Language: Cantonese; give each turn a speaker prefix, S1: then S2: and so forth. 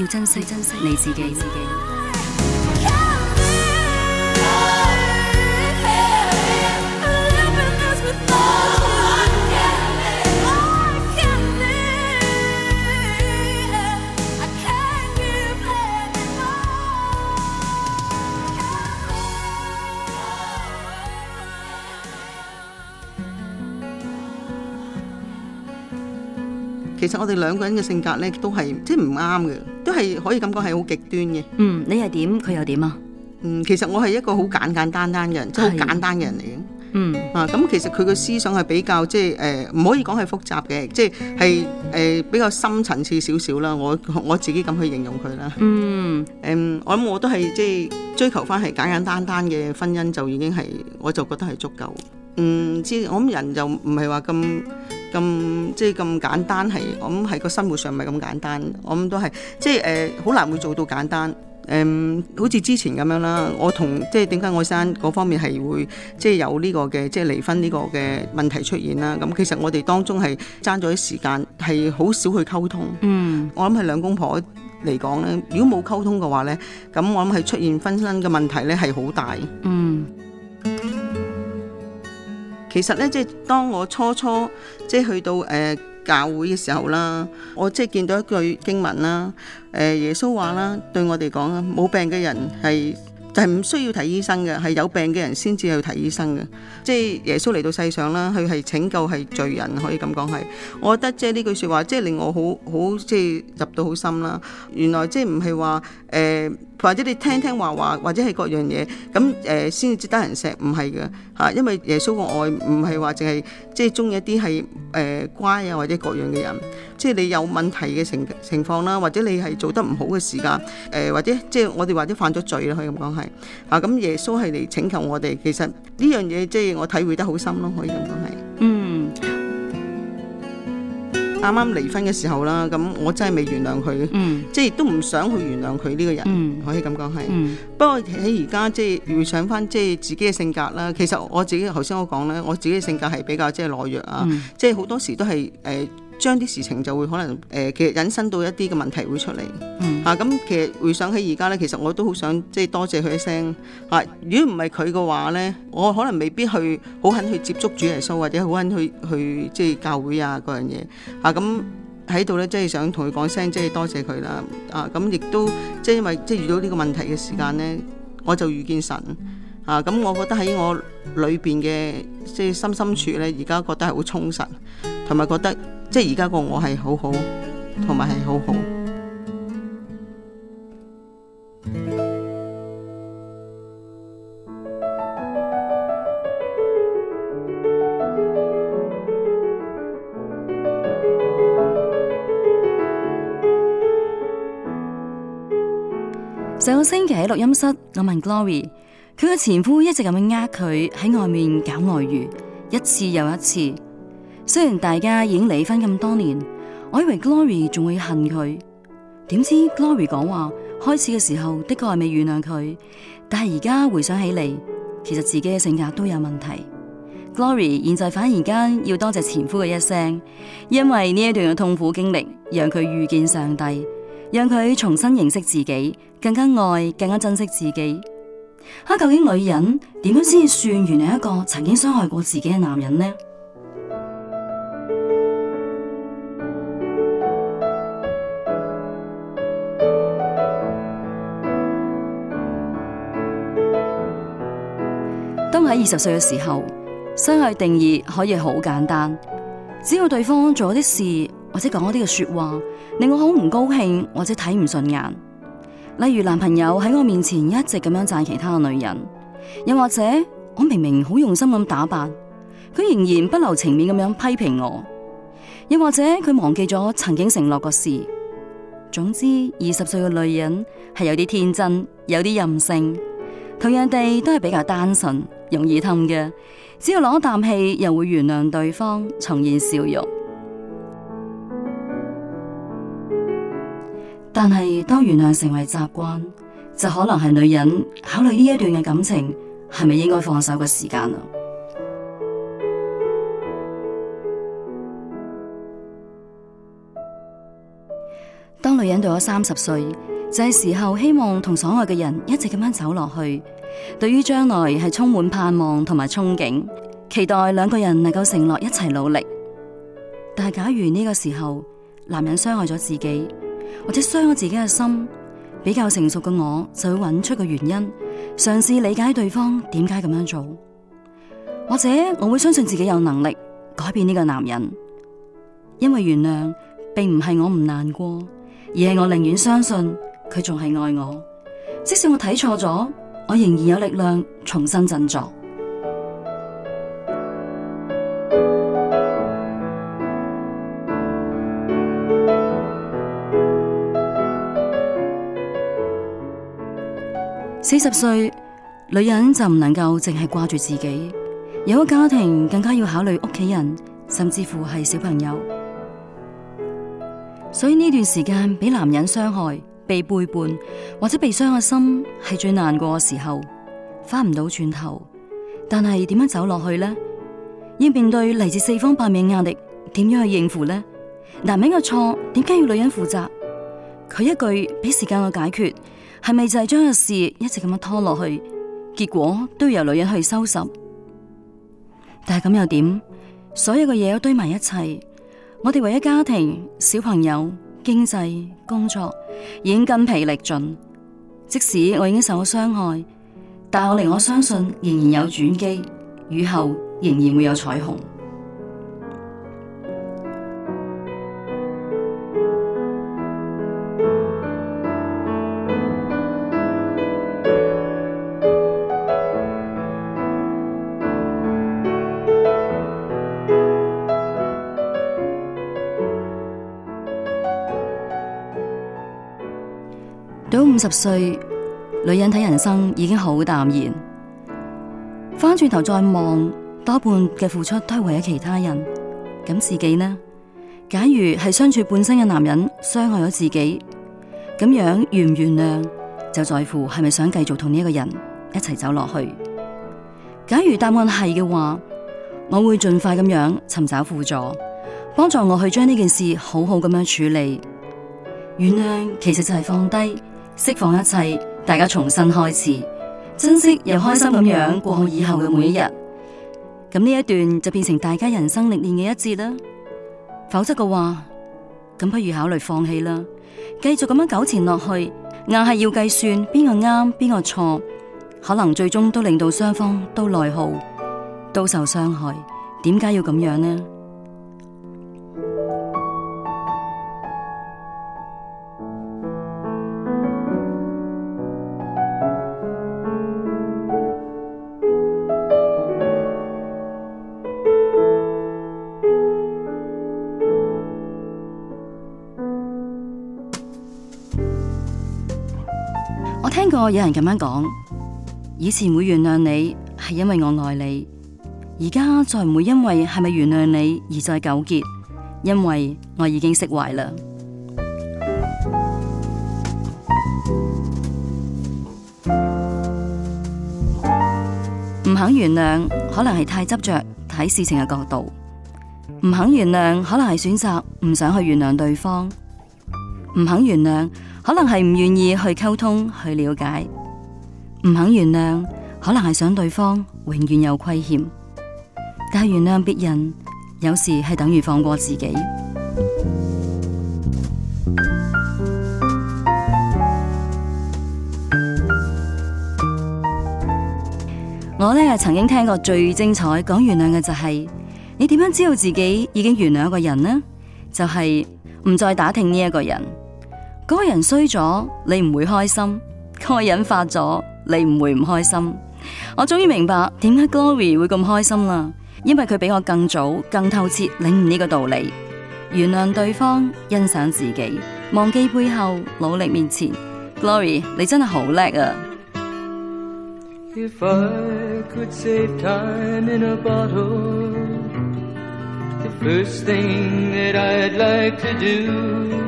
S1: 要珍惜，珍惜你自己。
S2: 其實我哋兩個人嘅性格咧都係即係唔啱嘅，都係可以感覺係好極端嘅。嗯，你係點，佢又點啊？嗯，其實我係一個好簡簡單單嘅人，即係的好簡單嘅人嚟嘅。嗯啊，咁其實佢嘅思想係比較即係誒，唔、呃、可以講係複雜嘅，即係誒、呃、比較深層次少少啦。我我自己咁去形容佢啦。嗯，誒、嗯，我諗我都係即係追求翻係簡簡單單嘅婚姻就已經係，我就覺得係足夠。嗯，即係我諗人就唔係話咁咁即係咁簡單係，我諗喺個生活上唔係咁簡單，我諗都係即係誒好難會做到簡單。誒、嗯，好似之前咁樣啦，我同即係點解我生嗰方面係會即係有呢個嘅即係離婚呢個嘅問題出現啦？咁其實我哋當中係爭咗啲時間，係好少去溝通。嗯，我諗係兩公婆嚟講咧，如果冇溝通嘅話咧，咁我諗係出現婚姻嘅問題咧係好大。嗯。其實咧，即係當我初初即係去到誒教會嘅時候啦，我即係見到一句經文啦，誒耶穌話啦，對我哋講啦，冇病嘅人係就係唔需要睇醫生嘅，係有病嘅人先至去睇醫生嘅。即係耶穌嚟到世上啦，佢係拯救係罪人，可以咁講係。我覺得即係呢句說話，即係令我好好即係入到好深啦。原來即係唔係話誒。呃或者你聽聽話話，或者係各樣嘢，咁誒先至得人錫，唔係嘅嚇。因為耶穌嘅愛唔係話淨係即係中意一啲係誒乖啊或者各樣嘅人，即係你有問題嘅情情況啦，或者你係做得唔好嘅時間，誒、呃、或者即係我哋或者犯咗罪啦，可以咁講係嚇。咁、啊嗯、耶穌係嚟請求我哋，其實呢樣嘢即係我體會得好深咯，可以咁講係。啱啱離婚嘅時候啦，咁我真係未原諒佢，嗯、即係都唔想去原諒佢呢個人，嗯、可以咁講係。嗯、不過喺而家即係回想返，即係自己嘅性格啦。其實我自己頭先我講咧，我自己嘅性格係比較即係懦弱啊，嗯、即係好多時都係誒。呃將啲事情就會可能誒、呃，其實引申到一啲嘅問題會出嚟嚇。咁、mm. 啊、其實回想起而家咧，其實我都好想即係、就是、多謝佢一聲嚇、啊。如果唔係佢嘅話咧，我可能未必去好肯去接觸主耶穌，或者好肯去去，去即係教會啊嗰樣嘢嚇。咁喺度咧，即係想同佢講聲，即係多謝佢啦啊。咁亦都即係因為即係遇到呢個問題嘅時間咧，我就遇見神啊。咁、嗯、我覺得喺我裏邊嘅即係深深處咧，而家覺得係好充實，同埋覺得。即係而家個我係好好，同埋係好好。
S1: 上個星期喺錄音室，我問 Glory，佢嘅前夫一直咁樣呃佢喺外面搞外遇，一次又一次。雖然大家已經離婚咁多年，我以為 Glory 仲會恨佢，點知 Glory 講話開始嘅時候的確係未原諒佢，但係而家回想起嚟，其實自己嘅性格都有問題。Glory 現在反而間要多謝前夫嘅一聲，因為呢一段嘅痛苦經歷，讓佢遇見上帝，讓佢重新認識自己，更加愛，更加珍惜自己。究竟女人點樣先算原諒一個曾經傷害過自己嘅男人呢？喺二十歲嘅時候，傷害定義可以好簡單，只要對方做啲事或者講一啲嘅說話，令我好唔高興或者睇唔順眼。例如男朋友喺我面前一直咁樣讚其他女人，又或者我明明好用心咁打扮，佢仍然不留情面咁樣批評我，又或者佢忘記咗曾經承諾過事。總之，二十歲嘅女人係有啲天真，有啲任性，同樣地都係比較單純。容易氹嘅，只要攞啖氣，又會原諒對方，重現笑容。但係當原諒成為習慣，就可能係女人考慮呢一段嘅感情，係咪應該放手嘅時間啦。當女人到咗三十歲。就係時候希望同所愛嘅人一直咁樣走落去，對於將來係充滿盼望同埋憧憬，期待兩個人能夠承諾一齊努力。但係假如呢個時候男人傷害咗自己，或者傷咗自己嘅心，比較成熟嘅我就會揾出個原因，嘗試理解對方點解咁樣做，或者我會相信自己有能力改變呢個男人，因為原諒並唔係我唔難過，而係我寧願相信。佢仲係愛我，即使我睇錯咗，我仍然有力量重新振作。四十歲女人就唔能夠淨係掛住自己，有個家庭更加要考慮屋企人，甚至乎係小朋友。所以呢段時間俾男人傷害。被背叛或者被傷嘅心係最難過嘅時候，翻唔到轉頭。但係點樣走落去呢？要面對嚟自四方八面壓力，點樣去應付呢？男人嘅錯，點解要女人負責？佢一句俾時間我解決，係咪就係將個事一直咁樣拖落去？結果都要由女人去收拾。但係咁又點？所有嘅嘢都堆埋一齊，我哋為咗家庭小朋友。經濟工作已經筋疲力盡，即使我已經受過傷害，但我令我相信仍然有轉機，雨後仍然會有彩虹。到五十歲，女人睇人生已經好淡然。翻轉頭再望，多半嘅付出都係為咗其他人。咁自己呢？假如係相處半生嘅男人傷害咗自己，咁樣原唔原諒就在乎係咪想繼續同呢一個人一齊走落去？假如答案係嘅話，我會盡快咁樣尋找輔助，幫助我去將呢件事好好咁樣處理。原諒其實就係放低。釋放一切，大家重新開始，珍惜又開心咁樣過好以後嘅每一日。咁呢一段就變成大家人生歷練嘅一節啦。否則嘅話，咁不如考慮放棄啦。繼續咁樣糾纏落去，硬係要計算邊個啱邊個錯，可能最終都令到雙方都內耗，都受傷害。點解要咁樣呢？我聽過有人咁樣講，以前會原諒你係因為我愛你，而家再唔會因為係咪原諒你而再糾結，因為我已經釋懷啦。唔 肯原諒可能係太執着睇事情嘅角度，唔肯原諒可能係選擇唔想去原諒對方，唔肯原諒。可能係唔願意去溝通去了解，唔肯原諒，可能係想對方永遠有虧欠。但係原諒別人，有時係等於放過自己。 我呢，曾經聽過最精彩講原諒嘅就係、是，你點樣知道自己已經原諒一個人呢？就係、是、唔再打聽呢一個人。嗰個人衰咗，你唔會開心；嗰個人發咗，你唔會唔開心。我終於明白點解 Glory 會咁開心啦，因為佢比我更早、更透徹領悟呢個道理：原諒對方，欣賞自己，忘記背後，努力面前。Glory，你真係好叻啊
S2: ！If I could save time in a bottle, the first thing that I'd like to do